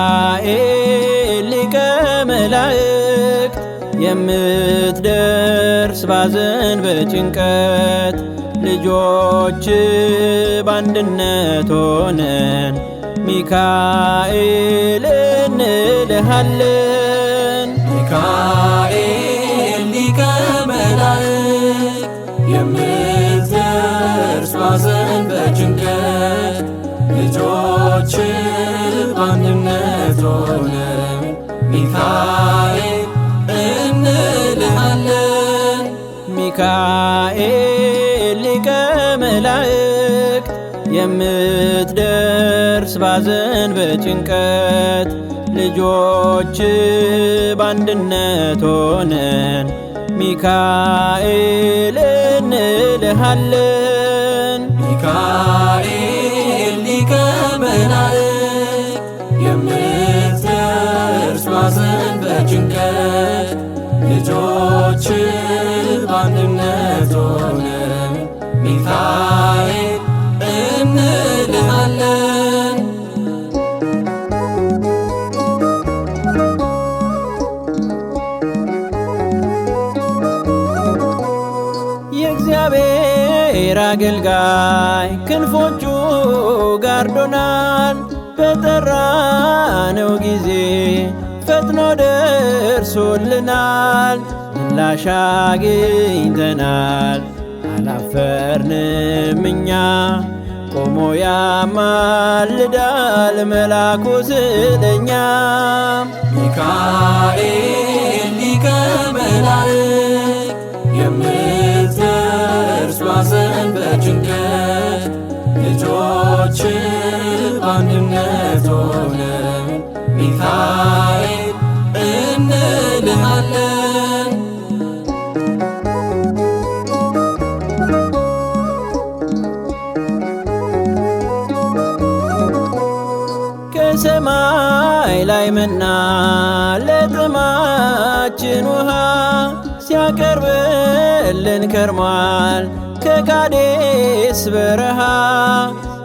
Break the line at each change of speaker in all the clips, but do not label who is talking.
ሚካኤል ሊቀ መላእክት የምትደርስ ባዘን በጭንቀት ልጆች በአንድነት ሆነን ሚካኤል እንልሃለን።
ሚካኤል ሊቀ መላእክት የምትደርስ ባዘን በጭንቀት ልጆች በአንድነት ሆነን ሚካኤል እንልሃለን።
ሚካኤል ሊቀ መላእክት የምትደርስ ባዘን በጭንቀት ልጆች በአንድነት ሆነን ሚካኤል እንልሃለን። እግዚአብሔር አገልጋይ ክንፎቹ ጋርዶናል። በጠራነው ጊዜ ፈጥኖ ደርሶልናል። ምላሽ አግኝተናል፣ አላፈርንም እኛ። ቆሞ ያማልዳል መላኩ ስለኛ
ሚካኤል ሊቀ መላእክት በባዘን በጭንቀት ልጆች በአንድነት ሆነ ሚካኤል እንልሃለን።
ከሰማይ ላይ መና ለጥማችን ውሃ ሲያቀርብልን ከርሟል። ከቃዴስ በረሃ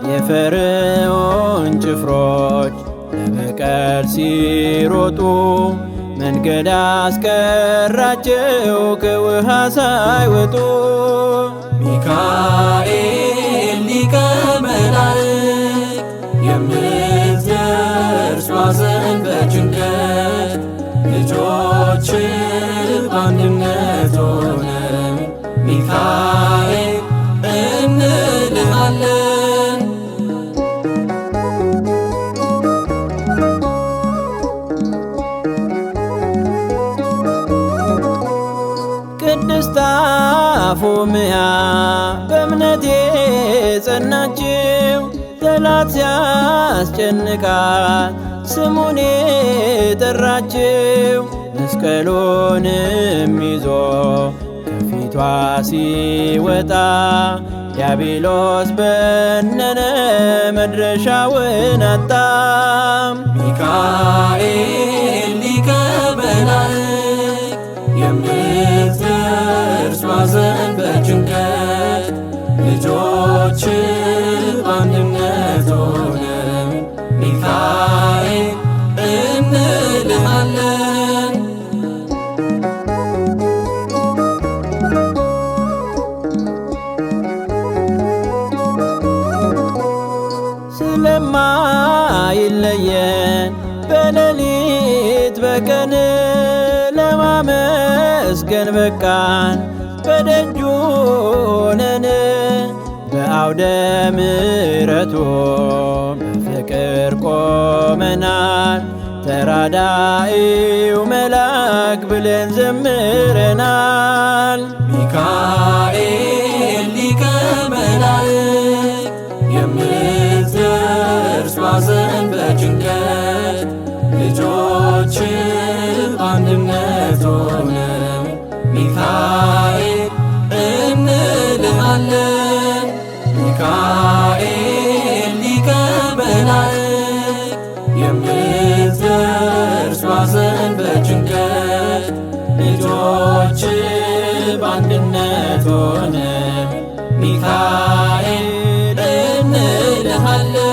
የፈርዖን ጭፍሮች ለበቀል ሲሮጡ መንገድ አስቀራቸው ከውሃ ሳይወጡ
ሚካኤል
ፎምያ በእምነቴ ጸናችው ጠላት ሲያስጨንቃት ስሙን የጠራችው መስቀሉንም ይዞ ከፊቷ ሲወጣ ዲያብሎስ በነነ መድረሻውን አጣ
ሚካኤል
ይለየን በሌሊት በቀን ለማመስገን በቃን በደጁ ሆነን በአውደ ምረቱ በፍቅር ቆመናል ተራዳኢው መልአክ ብለን ዘምረናል
ሚካ ቸርነቶ ነው ሚካኤል እንልሃለን ሚካኤል ሊቀ መላእክት የምትደርስ ባዘን በጭንቀት ልጆች በአንድነት ሆነ ሚካኤል እንልሃለን